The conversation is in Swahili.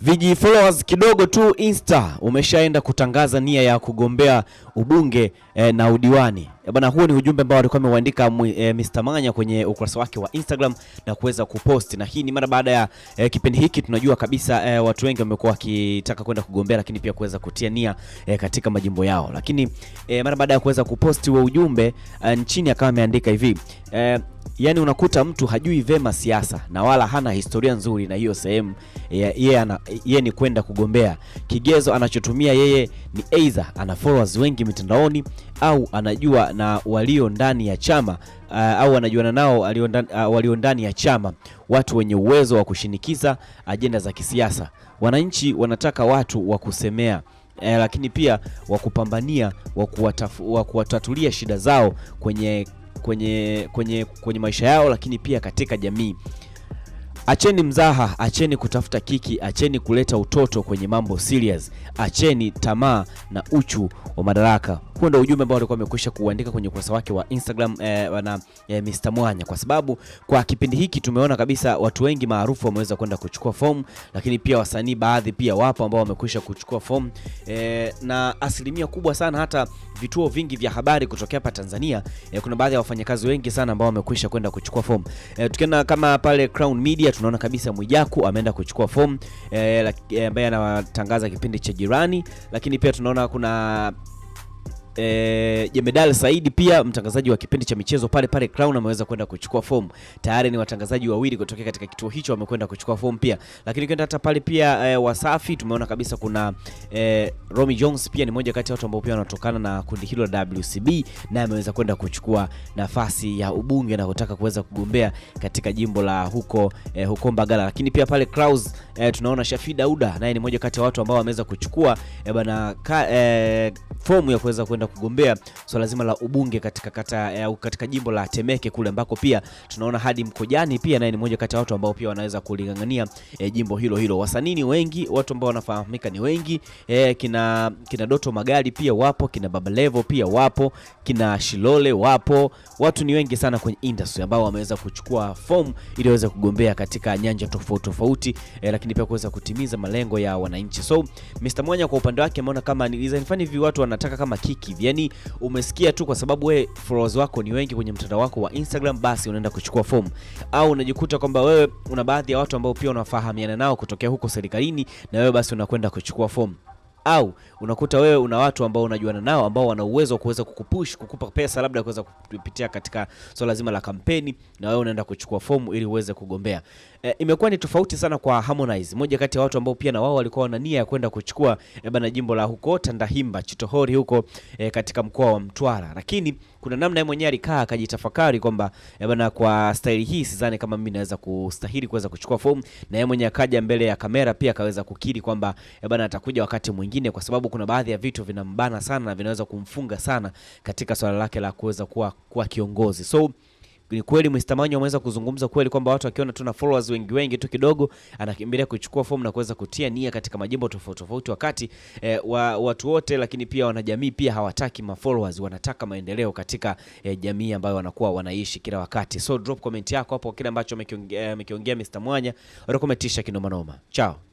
Viji followers kidogo tu Insta, umeshaenda kutangaza nia ya kugombea ubunge eh, na udiwani. Eh, Bwana, huo ni ujumbe ambao alikuwa amewaandika e, eh, Mr. Manya kwenye ukurasa wake wa Instagram na kuweza kupost, na hii ni mara baada ya e, kipindi hiki. Tunajua kabisa e, watu wengi wamekuwa wakitaka kwenda kugombea, lakini pia kuweza kutia nia e, katika majimbo yao, lakini e, mara baada ya kuweza kupost wa ujumbe e, nchini akawa ameandika hivi e, Yaani unakuta mtu hajui vema siasa na wala hana historia nzuri na hiyo sehemu yeye, ye ni kwenda kugombea. Kigezo anachotumia yeye ni either ana followers wengi mitandaoni au anajua na walio ndani ya chama uh, au wanajuana nao uh, walio ndani ya chama, watu wenye uwezo wa kushinikiza ajenda za kisiasa. Wananchi wanataka watu wa kusemea eh, lakini pia wa kupambania, wa kuwatatulia shida zao kwenye, kwenye, kwenye, kwenye maisha yao, lakini pia katika jamii. Acheni mzaha, acheni kutafuta kiki, acheni kuleta utoto kwenye mambo serious, acheni tamaa na uchu wa madaraka. Huo ndio ujumbe ambao alikuwa amekwisha kuandika kwenye ukurasa wake wa Instagram eh, eh, eh, Mr Mwanya, kwa sababu kwa kipindi hiki tumeona kabisa watu wengi maarufu wameweza kwenda kuchukua fomu, lakini pia wasanii baadhi pia wapo ambao wamekwisha kuchukua fomu eh, na asilimia kubwa sana hata vituo vingi vya habari kutokea hapa Tanzania eh, kuna baadhi ya wafanyakazi wengi sana ambao wamekwisha kwenda kuchukua fomu eh, tukiona kama pale Crown Media tunaona kabisa Mwijaku ameenda kuchukua fomu eh, eh, ambaye eh, eh, anatangaza kipindi cha Jirani, lakini pia tunaona kuna E, Jemedal Saidi pia mtangazaji wa kipindi cha michezo pale pale Crown ameweza kwenda kuchukua fomu. Tayari ni watangazaji wawili kutoka katika kituo hicho wamekwenda kuchukua fomu pia. Lakini kwenda hata pale pia e, Wasafi tumeona kabisa kuna e, Romy Jones pia ni moja kati ya watu ambao pia wanatokana na kundi hilo la WCB na ameweza kwenda kuchukua nafasi ya ubunge na kutaka kuweza kugombea katika jimbo la huko e, huko Mbagala. Lakini pia pale Clouds e, tunaona Shafi Dauda naye ni moja kati ya watu ambao wameweza kuchukua e, bana e, fomu ya kuweza kwenda kugombea swala so zima la ubunge katika kata au katika jimbo la Temeke kule ambako pia tunaona hadi Mkojani pia naye ni mmoja kati ya watu ambao pia wanaweza kulingangania e, jimbo hilo hilo. Wasanii ni wengi, watu ambao wanafahamika ni wengi e, kina, kina Doto Magari pia wapo, kina Baba Levo pia wapo, kina Shilole wapo, watu ni wengi sana kwenye industry ambao wameweza kuchukua fomu ili waweze kugombea katika nyanja tofauti tofauti e, lakini pia kuweza kutimiza malengo ya wananchi. So Mr. Mwanya kwa upande wake ameona kama ni design fani hivi watu wanataka kama kiki hivi. Yaani umesikia tu kwa sababu wewe followers wako ni wengi kwenye mtandao wako wa Instagram, basi unaenda kuchukua fomu, au unajikuta kwamba wewe una baadhi ya watu ambao pia unafahamiana nao kutokea huko serikalini, na wewe basi unakwenda kuchukua fomu au unakuta wewe una watu ambao unajuana nao ambao wana uwezo wa kuweza kukupush kukupa pesa, labda kuweza kupitia katika swala so zima la kampeni, na wewe unaenda kuchukua fomu ili uweze kugombea. E, imekuwa ni tofauti sana kwa Harmonize, moja kati ya watu ambao pia na wao walikuwa wana nia ya kwenda kuchukua e, bana jimbo la huko Tandahimba Chitohori huko e, katika mkoa wa Mtwara, lakini kuna namna yeye mwenyewe alikaa akajitafakari kwamba eh, bwana, kwa staili hii sidhani kama mimi naweza kustahili kuweza kuchukua fomu, na yeye mwenyewe akaja mbele ya kamera pia akaweza kukiri kwamba eh, bwana, atakuja wakati mwingine, kwa sababu kuna baadhi ya vitu vinambana sana na vinaweza kumfunga sana katika swala lake la kuweza kuwa, kuwa kiongozi so ni kweli Mr. Manyo ameweza kuzungumza kweli kwamba watu wakiona tuna followers wengi wengi tu kidogo anakimbilia kuchukua fomu na kuweza kutia nia katika majimbo tofauti tofauti, wakati e, wa, watu wote lakini pia wanajamii pia hawataki ma followers, wanataka maendeleo katika e, jamii ambayo wanakuwa wanaishi kila wakati. So drop comment yako hapo kile ambacho amekiongea eh, Mr. Mwanya, kinoma kinomanoma. Chao.